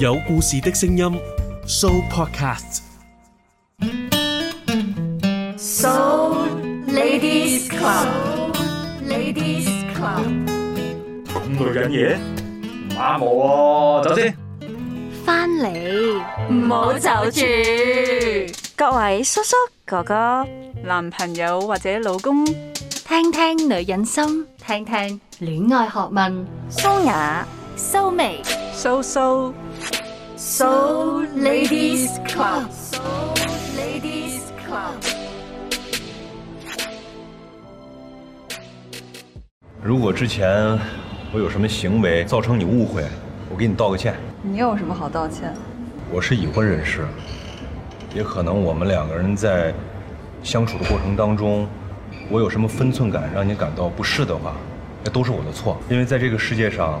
有故事的聲音，So Podcast，So Ladies Club，So Ladies Club，咁女人嘢，唔啱我喎，走先。翻嚟，唔好走住。各位叔叔、哥哥、男朋友或者老公，聽聽女人心，聽聽戀愛學問，So 牙、So 眉、So So。So ladies club. So ladies club. 如果之前我有什麼行為造成你誤會，我給你道個歉。你有什麼好道歉？我是已婚人士，也可能我們兩個人在相處的過程當中，我有什麼分寸感讓你感到不適的話，那都是我的錯。因為在這個世界上。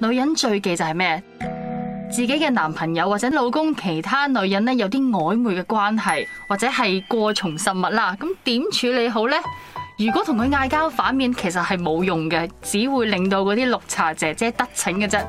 女人最忌就係咩？自己嘅男朋友或者老公，其他女人呢，有啲曖昧嘅關係，或者係過從甚密啦，咁點處理好呢？如果同佢嗌交，反面其實係冇用嘅，只會令到嗰啲綠茶姐姐得逞嘅啫。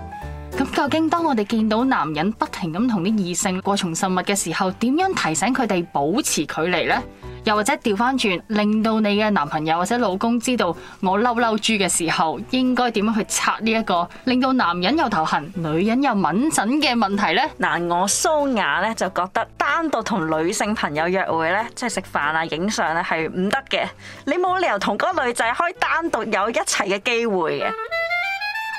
咁究竟當我哋見到男人不停咁同啲異性過從甚密嘅時候，點樣提醒佢哋保持距離呢？又或者調翻轉，令到你嘅男朋友或者老公知道我嬲嬲豬嘅時候，應該點樣去拆呢一個令到男人又頭痕、女人又敏感嘅問題呢？嗱，我蘇雅呢，就覺得單獨同女性朋友約會咧，即係食飯啊、影相咧，係唔得嘅。你冇理由同嗰個女仔可以單獨有一齊嘅機會嘅。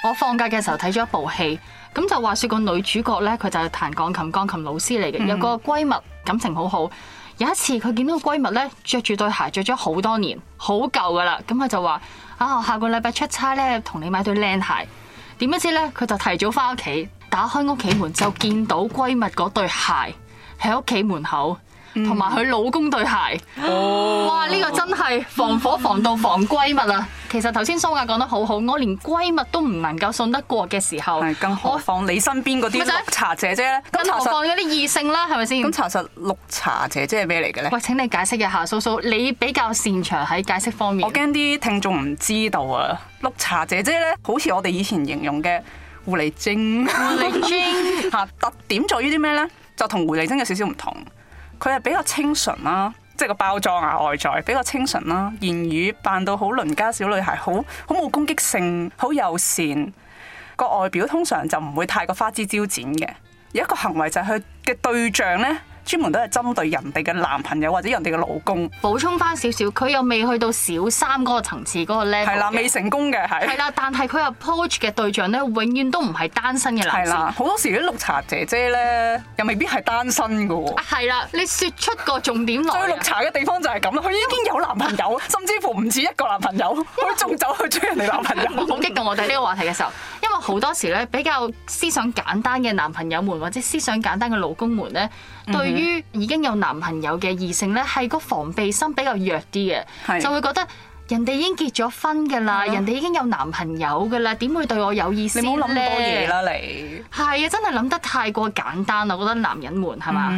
我放假嘅時候睇咗一部戲，咁就話說個女主角呢，佢就係彈鋼琴，鋼琴老師嚟嘅，有個閨蜜，感情好好。有一次佢見到個閨蜜呢，着住對鞋，着咗好多年，好舊噶啦，咁佢就話啊，下個禮拜出差呢，同你買對靚鞋。點樣知呢？佢就提早翻屋企，打開屋企門，就見到閨蜜嗰對鞋喺屋企門口。同埋佢老公對鞋，oh. 哇！呢、這個真係防火防盜防閨蜜啊！其實頭先蘇雅講得好好，我連閨蜜都唔能夠信得過嘅時候，係更何況我你身邊嗰啲綠茶姐姐咧？更何況嗰啲異性啦，係咪先？咁查實綠茶姐姐係咩嚟嘅咧？喂，請你解釋一下，蘇蘇，你比較擅長喺解釋方面。我驚啲聽眾唔知道啊！綠茶姐姐咧，好似我哋以前形容嘅狐狸精，狐狸精吓， 特點在於啲咩咧？就同狐狸精有少少唔同。佢係比較清純啦，即係個包裝啊外在比較清純啦，言語扮到好鄰家小女孩，好好，冇攻擊性，好友善。個外表通常就唔會太過花枝招展嘅。有一個行為就係佢嘅對象呢。專門都係針對人哋嘅男朋友或者人哋嘅老公。補充翻少少，佢又未去到小三嗰個層次嗰個 level。係啦，未成功嘅係。係啦，但係佢又 approach 嘅對象咧，永遠都唔係單身嘅男士。係啦，好多時啲綠茶姐姐咧，又未必係單身嘅喎。係啦、啊，你説出個重點來。最綠茶嘅地方就係咁啦，佢已經有男朋友，甚至乎唔止一個男朋友，佢仲走去追人哋男朋友。好 激動我哋呢個話題嘅時候，因為好多時咧比較思想簡單嘅男朋友們或者思想簡單嘅老公們咧。對於已經有男朋友嘅異性咧，係個防備心比較弱啲嘅，是就會覺得人哋已經結咗婚㗎啦，啊、人哋已經有男朋友㗎啦，點會對我有意思咧？你冇諗咁多嘢啦，你係啊，真係諗得太過簡單啦，我覺得男人們係嘛？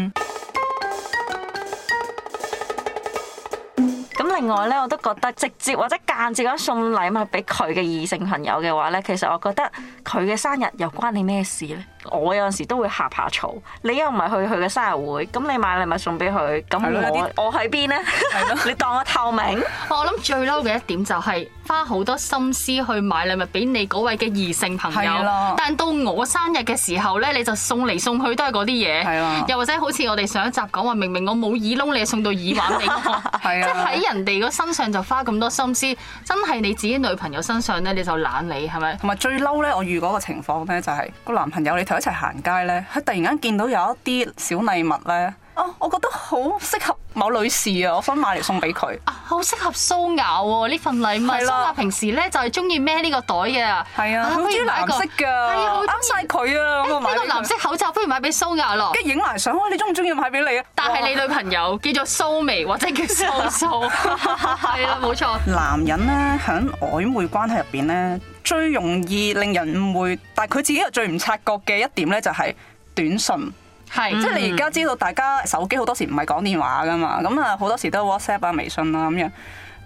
咁、嗯、另外咧，我都覺得直接或者間接咁送禮物俾佢嘅異性朋友嘅話咧，其實我覺得佢嘅生日又關你咩事咧？我有陣時都會嚇下嘈，你又唔係去佢嘅生日會，咁你買禮物送俾佢，咁我喺邊呢？對了 你當我透明？我諗最嬲嘅一點就係花好多心思去買禮物俾你嗰位嘅異性朋友，對了 但到我生日嘅時候呢，你就送嚟送去都係嗰啲嘢，對了 又或者好似我哋上一集講話，明明我冇耳窿，你送到耳環嚟。對了 即喺人哋個身上就花咁多心思，真係你自己女朋友身上呢，你就懶你。係咪？同埋最嬲呢，我遇嗰個情況呢，就係個男朋友一齊行街咧，佢突然間見到有一啲小禮物咧。哦，我覺得好適合某女士啊，我想買嚟送俾佢。啊，好適合蘇雅喎！呢份禮物，蘇雅的平時咧就係中意孭呢個袋嘅。係的啊，好中意藍色噶。係啊，啱晒佢啊！呢個藍色口罩，不如買俾蘇雅咯。跟住影埋相，你中唔中意買俾你啊？但係你女朋友叫做蘇眉或者叫蘇蘇，係 啦，冇錯。 男人咧，響曖昧關係入邊咧。最容易令人誤會，但佢自己又最唔察覺嘅一點呢，就係短信，是即係你而家知道，大家手機好多時唔係講電話噶嘛，咁啊好多時都係 WhatsApp 啊、微信啊咁樣。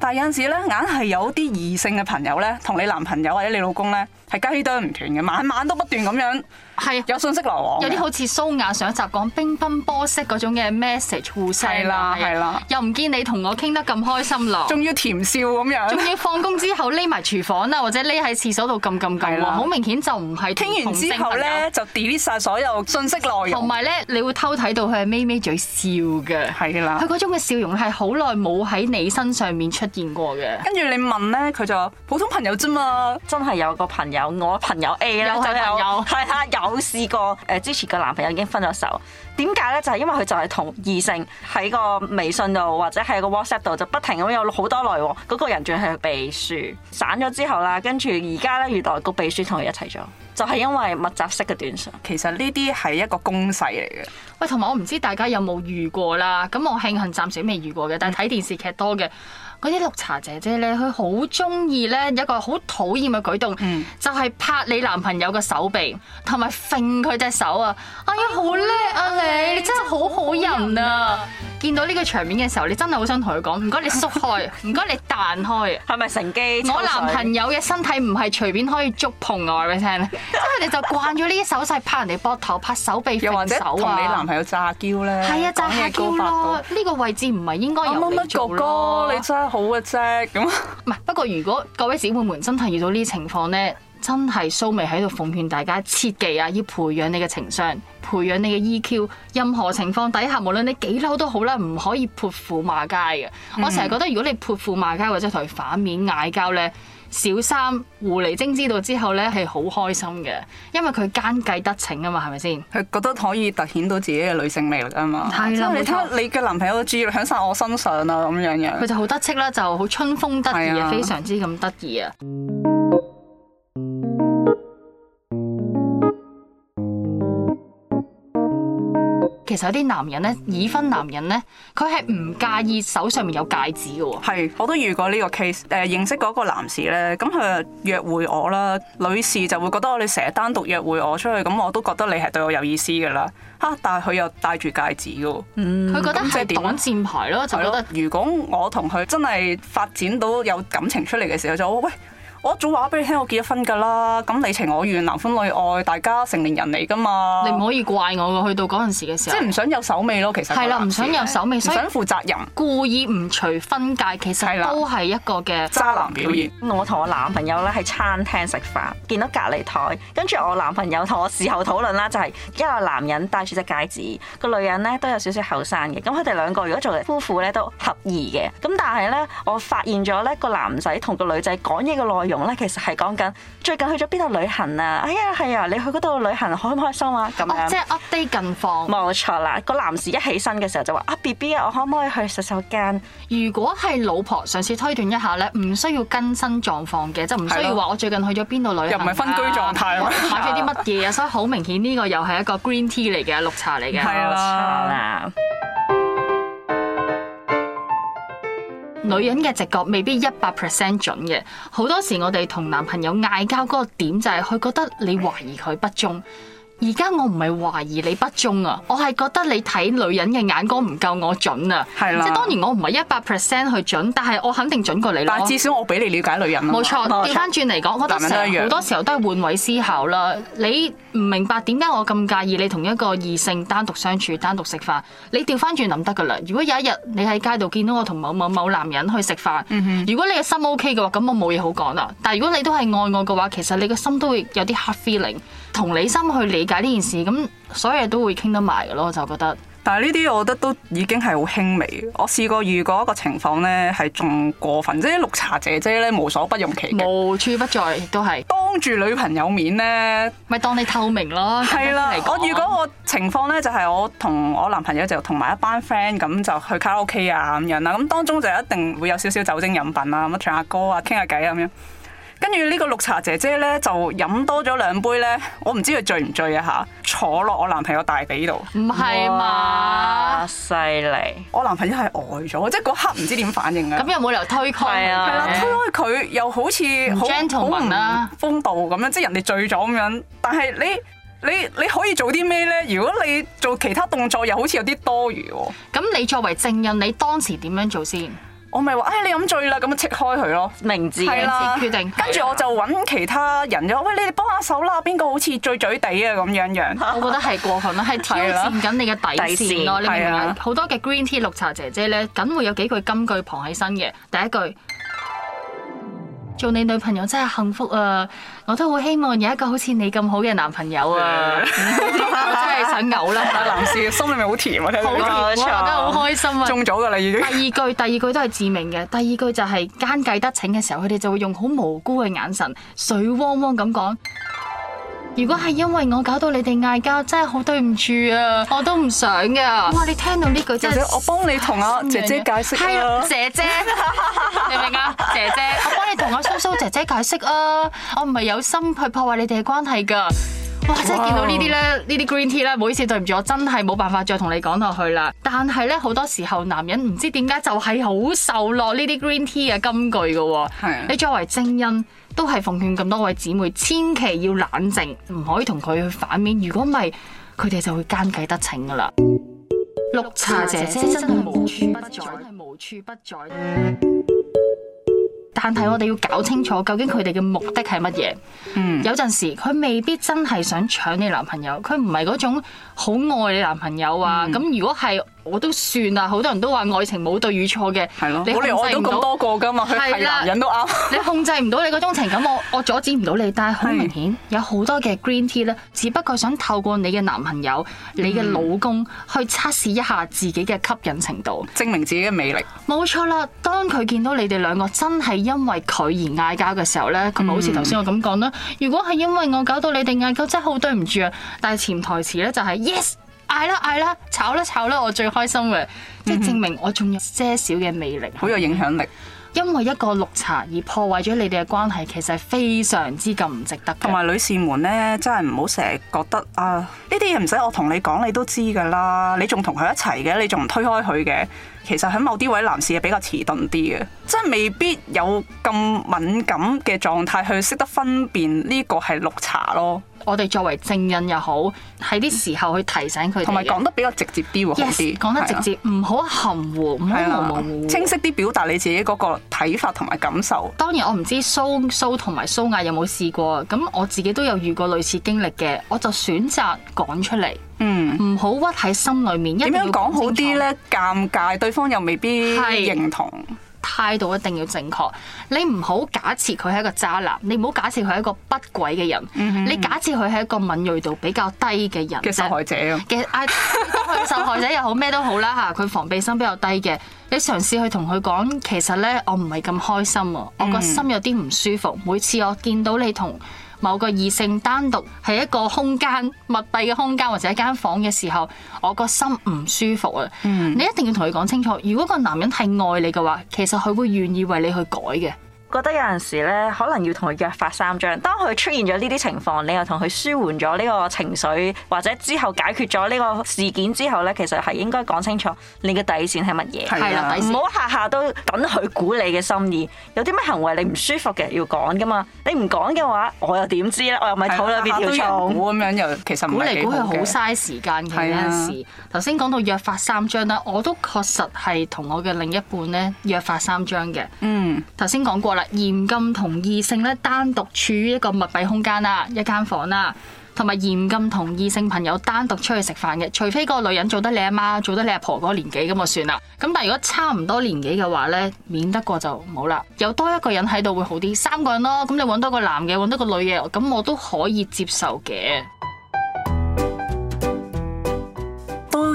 但有陣時呢，硬係有啲異性嘅朋友呢，同你男朋友或者你老公呢。係雞蛋唔斷嘅，晚晚都不斷咁樣。係有信息來往，有啲好似蘇雅上集講乒乓波式嗰種嘅 message 互相。係啦，係啦。又唔見你同我傾得咁開心啦，仲 要甜笑咁樣，仲要放工之後匿埋廚房啊， 或者匿喺廁所度撳撳撳啊，好明顯就唔係同朋友啊。聽完之後咧，就 delete 晒所有信息內容，同埋咧，你會偷睇到佢係咪咪咪嘴笑嘅？係啦的。佢嗰種嘅笑容係好耐冇喺你身上面出現過嘅。跟住你問咧，佢就普通朋友啫嘛，真係有個朋友。有我朋友 A 啦，就係有，係啊對， 有試過。誒，之前個男朋友已經分咗手。點解呢？就係、是、因為佢就係同異性喺個微信度或者喺個 WhatsApp 度就不停咁有好多類嗰、那個人仲係秘書散咗之後啦，跟住而家呢，原來個秘書同佢一齊咗，就係、是、因為密集式嘅短信。其實呢啲係一個攻勢嚟嘅。喂，同埋我唔知大家有冇遇過啦。咁我慶幸暫時未遇過嘅，但係睇電視劇多嘅嗰啲綠茶姐姐呢，佢好中意呢一個好討厭嘅舉動，嗯、就係拍你男朋友嘅手臂同埋揈佢隻手啊！哎呀，好叻啊！欸、你真係好好人啊！見到呢個場面嘅時候，你真係好想同佢講：唔該你縮開，唔該 你彈開。係咪乘機？我男朋友嘅身體唔係隨便可以觸碰嘅，我話俾你聽。即係你就慣咗呢啲手勢，拍人哋膊頭，拍手臂手、啊、分手又或者同你男朋友詐嬌咧？係啊 呀，詐下嬌咯！呢 個位置唔係應該由你做哥哥，你真係好嘅啫咁。唔係，不過如果各位姊妹們真係遇到呢啲情況咧。真係蘇眉喺度奉勸大家切記啊，要培養你嘅情商，培養你嘅 EQ。任何情況底下，無論你幾嬲都好啦，唔可以潑婦罵街嘅。嗯、我成日覺得，如果你潑婦罵街或者同佢反面嗌交呢，小三狐狸精知道之後呢，係好開心嘅，因為佢奸計得逞啊嘛，係咪先？佢覺得可以突顯到自己嘅女性魅力啊嘛。係啦的，你睇下錯你嘅男朋友注意力響晒我身上啊，咁樣嘅。佢就好得戚啦，就好春風得意啊，非常之咁得意啊。其實有啲男人咧，已婚男人咧，佢係唔介意手上面有戒指嘅喎、哦。係，我都遇過呢個 case、呃。誒，認識嗰個男士咧，咁佢約會我啦，女士就會覺得你成日單獨約會我出去，咁我都覺得你係對我有意思嘅啦。嚇、啊！但係佢又戴住戒指嘅喎。佢、嗯、覺得即係擋箭牌咯，就覺得如果我同佢真係發展到有感情出嚟嘅時候，就喂。我早話俾你聽，我結咗婚㗎啦。咁你情我願，男歡女愛，大家成年人嚟㗎嘛。你唔可以怪我去到嗰陣時嘅時候，即係唔想有手尾咯。其實係啦，唔想有手尾，唔想負責任，故意唔除婚戒，其實都係一個嘅渣男表現。我同我男朋友咧，喺餐廳食飯，見到隔離台，跟住我男朋友同我事後討論啦，就係一個男人戴住隻戒指，個女人咧都有少少後生嘅。咁佢哋兩個如果做夫婦咧都合意嘅，咁但係咧我發現咗咧個男仔同個女仔講嘢嘅內容。咧，其實係講緊最近去咗邊度旅行啊！哎呀，係、哎、啊，你去嗰度旅行開唔開心啊？咁、哦、即係 update 近況，冇錯啦。個男士一起身嘅時候就話啊，BB 啊，我可唔可以去洗手間？如果係老婆嘗試推斷一下咧，唔需要更新狀況嘅，即係唔需要話我最近去咗邊度旅行、啊。又唔係分居狀態、啊，買咗啲乜嘢啊？所以好明顯呢個又係一個 green tea 嚟嘅，綠茶嚟嘅。係啦。女人嘅直覺未必一百 percent 準嘅，好多時我哋同男朋友嗌交嗰個點就係佢覺得你懷疑佢不忠。而家我唔係懷疑你不忠啊，我係覺得你睇女人嘅眼光唔夠我準啊。係的，即係當然我唔係一百 percent 去準，但係我肯定準過你啦。但係至少我比你了解女人。冇錯錯，調翻轉嚟講，我覺得好多時候都係換位思考啦。你唔明白點解我咁介意你同一個異性單獨相處、單獨食飯，你調翻轉諗得噶啦。如果有一日你喺街度見到我同某某某男人去食飯，嗯、哼如果你嘅心 OK 嘅話，咁我冇嘢好講啦。但係如果你都係愛我嘅話，其實你個心都會有啲 hard feeling。同理心去理解呢件事，咁所有嘢都會傾得埋嘅咯，我就覺得。但係呢啲，我覺得都已經係好輕微。我試過遇過一個情況呢，係仲過分，即係綠茶姐姐呢，無所不用其極，無處不在都係。當住女朋友面呢，咪當你透明咯。係啦的，我遇過個情況呢，就係、是、我同我男朋友就同埋一班 friend 咁就去卡拉 OK 啊咁樣啦。咁當中就一定會有少少酒精飲品啊，咁唱下歌啊，傾下偈啊咁樣。跟住呢個綠茶姐姐咧，就飲多咗兩杯咧，我唔知佢醉唔醉啊吓，坐落我男朋友大髀度。唔係嘛，犀利！我男朋友係呆咗，即係嗰刻唔知點反應啊。咁又冇理由推佢。係啊。係啦，對推開佢，又好似好唔風度咁樣，即係人哋醉咗咁樣。但係你你你，你可以做啲咩咧？如果你做其他動作，又好似有啲多餘。咁你作為證人，你當時點樣做先？我咪話，哎，你飲醉啦，咁啊，切開佢咯，明智決定。跟住我就揾其他人咗是的，喂，你哋幫下手啦，邊個好似醉嘴地啊咁樣。我覺得係過分啦，係 挑戰緊你嘅底線咯，線，你明唔明？好是的 多嘅 green tea 綠茶姐姐咧，梗會有幾句金句旁起身嘅，第一句。做你女朋友真係幸福啊！我都好希望有一個好似你咁好嘅男朋友啊！ 我真係想嘔啦， 男士心裏面好甜啊，真係覺得好開心啊！中咗㗎啦已經！第二句， 第二句都係致命嘅。第二句就係奸計得逞嘅時候，佢哋就會用好無辜嘅眼神，水汪汪咁講。如果係因為我搞到你哋嗌交，真係好對唔住啊！我都唔想噶。哇！你聽到呢句真係，我幫你同阿、啊、姐姐解釋啦、啊哎。姐姐， 你明唔明啊？姐姐， 我幫你同阿蘇蘇姐姐解釋啊！我唔係有心去破壞你哋嘅關係噶。哇！即係見到呢啲咧，呢啲 green tea 咧，唔好意思，對唔住，我真係冇辦法再同你講落去啦。但係咧，好多時候男人唔知點解就係好受落呢啲 green tea 嘅金句嘅，哦。係的。你作為精英，都係奉勸咁多位姊妹，千祈要冷靜，唔可以同佢去反面。如果唔係，佢哋就會奸計得逞噶啦。綠茶姐姐真係無處不在，係無處不在。但係我哋要搞清楚究竟佢哋嘅目的係乜嘢？嗯、有陣時佢未必真係想搶你男朋友，佢唔係嗰種好愛你男朋友啊。咁、嗯、如果係，我都算啦，好多人都話愛情冇對與錯嘅，係咯的，你控制唔到。咁多個㗎嘛，佢係的男人都啱。你控制唔到你嗰種情感， 我我阻止唔到你，但係好明顯的有好多嘅 green tea 咧，只不過想透過你嘅男朋友、你嘅老公、嗯、去測試一下自己嘅吸引程度，證明自己嘅魅力。冇錯啦，當佢見到你哋兩個真係因為佢而嗌交嘅時候咧，佢咪好似頭先我咁講咧？嗯、如果係因為我搞到你哋嗌交，真係好對唔住啊！但係潛台詞咧就係 yes。係啦，係啦，炒啦，炒啦，我最開心嘅，即係證明我仲有些少嘅魅力，好 有影響力。因為一個綠茶而破壞咗你哋嘅關係，其實係非常之咁唔值得。同埋，女士們呢，真係唔好成日覺得啊，呢啲嘢唔使我同你講，你都知㗎啦，你仲同佢一齊嘅，你仲唔推開佢嘅？其實喺某啲位男士係比較遲鈍啲嘅，即係未必有咁敏感嘅狀態去識得分辨呢個係綠茶咯。我哋作為證人又好，喺啲時候去提醒佢。同埋講得比較直接啲喎，講 Yes, 得直接，唔好、啊、含糊，唔好模糊。啊、清晰啲表達你自己嗰個睇法同埋感受。當然我唔知蘇蘇同埋蘇亞有冇試過？咁我自己都有遇過類似經歷嘅，我就選擇講出嚟。嗯，唔好屈喺心裏面，點樣講好啲咧？尷楚尬，對方又未必是認同。態度一定要正確。你唔好假設佢係一個渣男，你唔好假設佢係一個不軌嘅人。嗯、哼你假設佢係一個敏銳度比較低嘅人嘅受害者啊，其實啊受害者又好咩都好啦吓，佢防備心比較低嘅。你嘗試去同佢講，其實咧，我唔係咁開心，我個心有啲唔舒服。嗯、哼每次我見到你同。某個異性單獨係一個空間、密閉嘅空間，或者一間房嘅時候，我個心唔舒服啊！嗯、你一定要同佢講清楚，如果個男人係愛你嘅話，其實佢會願意為你去改嘅。覺得有陣時咧，可能要同佢約法三章。當佢出現咗呢啲情況，你又同佢舒緩咗呢個情緒，或者之後解決咗呢個事件之後咧，其實係應該講清楚你嘅底線係乜嘢。係啦、啊，唔好下下都等佢估你嘅心意。有啲咩行為你唔舒服嘅要講噶嘛？你唔講嘅話，我又點知咧？我又咪肚裡邊條蟲咁樣，又其實估嚟估去好嘥時間嘅。有陣、啊、時頭先講到約法三章啦，我都確實係同我嘅另一半咧約法三章嘅。嗯，頭先講過啦，嚴禁同異性咧單獨處於一個密閉空間啦，一間房啦，同埋嚴禁同異性朋友單獨出去食飯嘅，除非個女人做得你阿媽，做得你阿婆個年紀咁就算啦。咁但係如果差唔多年紀嘅話咧，免得過就冇啦。有多一個人喺度會好啲，三個人咯，咁你搵多個男嘅，搵多個女嘅，咁我都可以接受嘅。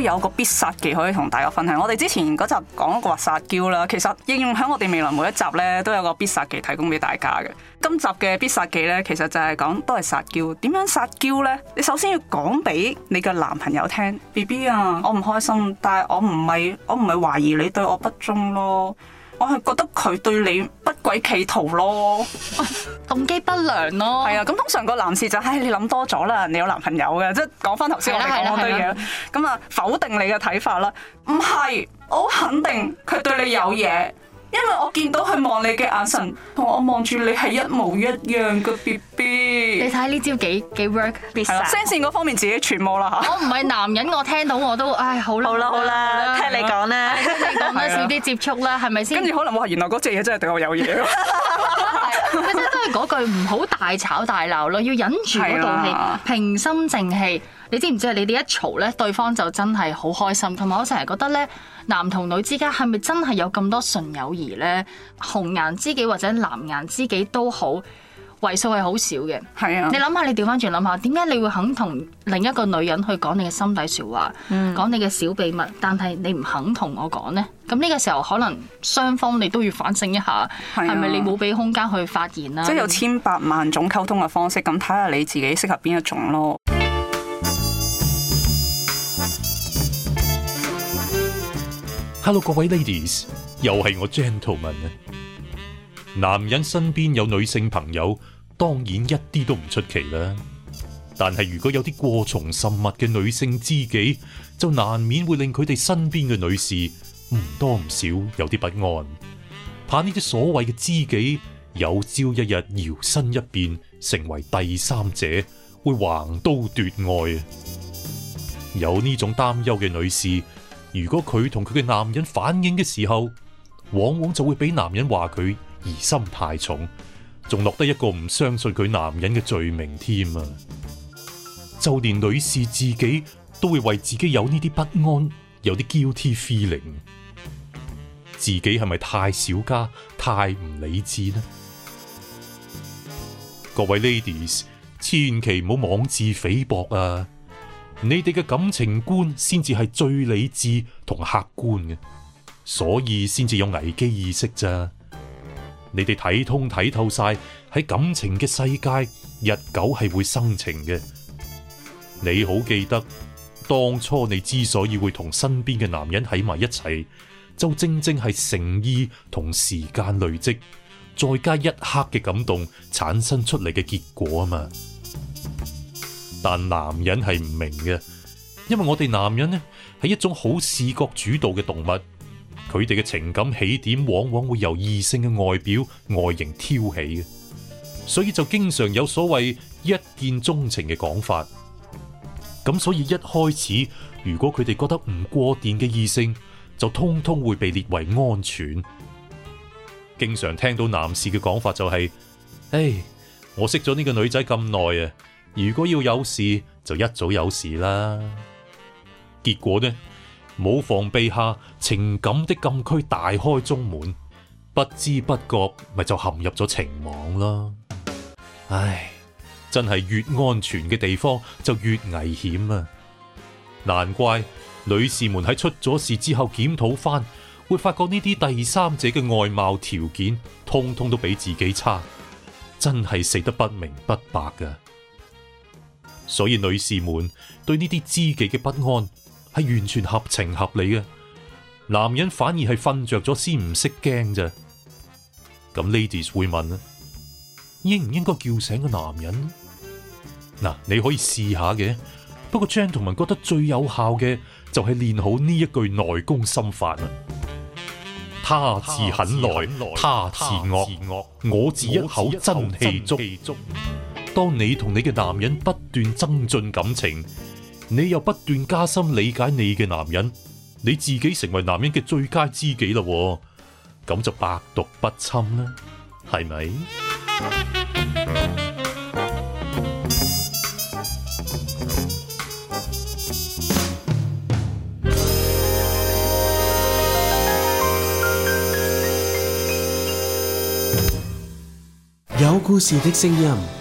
有個必殺技可以同大家分享。我哋之前嗰集講一個話撒嬌啦，其實應用喺我哋未來每一集呢，都有個必殺技提供俾大家嘅。今集嘅必殺技呢，其實就係講都係撒嬌。點樣撒嬌呢？你首先要講俾你嘅男朋友聽，BB 啊，我唔開心，但係我唔係我唔係懷疑你對我不忠咯。我係覺得佢對你不軌企圖咯， 動機不良咯。 係啊，咁通常個男士就嘿、是，你諗多咗啦，你有男朋友嘅，即係講翻頭先我哋講嗰堆嘢，咁啊，否定你嘅睇法啦，唔係，我肯定佢對你有嘢。因為我見到佢望你嘅眼神，同我望住你係一模一樣嘅，B B。你睇呢招幾幾 work？聲線嗰方面自己揣摩啦嚇。我唔係男人，我聽到我都唉，好啦好啦，聽你講啦，講得 少啲接觸啦，係咪先？跟住可能我話原來嗰隻嘢真係對我有嘢。係咪真係嗰句唔好大吵大鬧咯？要忍住嗰個氣，了平心靜氣。你知唔知你哋一嘈咧，對方就真係好開心。同埋我成日覺得咧，男同女之間係咪真係有咁多純友誼咧？紅顏知己或者藍顏知己都好，為數係好少嘅。係啊！你諗下，你調翻轉諗下，點解你會肯同另一個女人去講你嘅心底説話，講、嗯、你嘅小秘密，但係你唔肯同我講呢？咁呢個時候可能雙方你都要反省一下，係咪、啊、你冇俾空間去發言啦、啊啊？即係有千百萬種溝通嘅方式，咁睇下你自己適合邊一種咯。Hello 各位 ladies，又係我 gentleman 啊！男人身邊有女性朋友，當然一啲都唔出奇啦。但係如果有啲過從甚密嘅女性知己，就難免會令佢哋身邊嘅女士唔多唔少有啲不安，怕呢啲所謂嘅知己有朝一日搖身一變成為第三者，會橫刀奪愛。有呢種擔憂嘅女士，如果佢同佢嘅男人反映嘅時候，往往就會俾男人話佢疑心太重，仲落得一個唔相信佢男人嘅罪名添啊！就連女士自己都會為自己有呢啲不安，有啲 guilty feeling，自己係咪太小家，太唔理智呢？各位 ladies，千祈唔好妄自菲薄啊！你哋嘅感情觀先至係最理智同客觀嘅，所以先至有危機意識咋。你哋睇通睇透晒，喺感情嘅世界，日久係會生情嘅。你好記得當初你之所以會同身邊嘅男人喺埋一齊，就正正係誠意同時間累積，再加一刻嘅感動產生出嚟嘅結果啊嘛？但男人係唔明嘅，因為我哋男人呢係一種好視覺主導嘅動物，佢哋嘅情感起點往往會由異性嘅外表外形挑起嘅，所以就經常有所謂一見鍾情嘅講法。咁所以一開始，如果佢哋覺得唔過電嘅異性，就通通會被列為安全。經常聽到男士嘅講法就係：唉，我識咗呢個女仔咁耐啊！如果要有事，就一早有事啦。結果呢，冇防備下，情感的禁區大開中門，不知不覺咪就陷入咗情網啦。唉，真係越安全嘅地方就越危險啊！難怪女士們喺出咗事之後檢討返，會發覺呢啲第三者嘅外貌條件，通通都比自己差，真係死得不明不白㗎、啊。所以女士們對呢啲知己嘅不安係完全合情合理嘅，男人反而係瞓着咗先唔識驚啫。咁 ladies 會問啊，應唔應該叫醒個男人？嗱、啊，你可以試下嘅。不過 Jang 同文覺得最有效嘅就係練好呢一句內功心法啊。他自很耐，他自惡，我自一口真氣足。當你同你嘅男人不斷增進感情，你又不斷加深理解你嘅男人，你自己成為男人嘅最佳知己咯，咁就百毒不侵啦，係咪？有故事的聲音。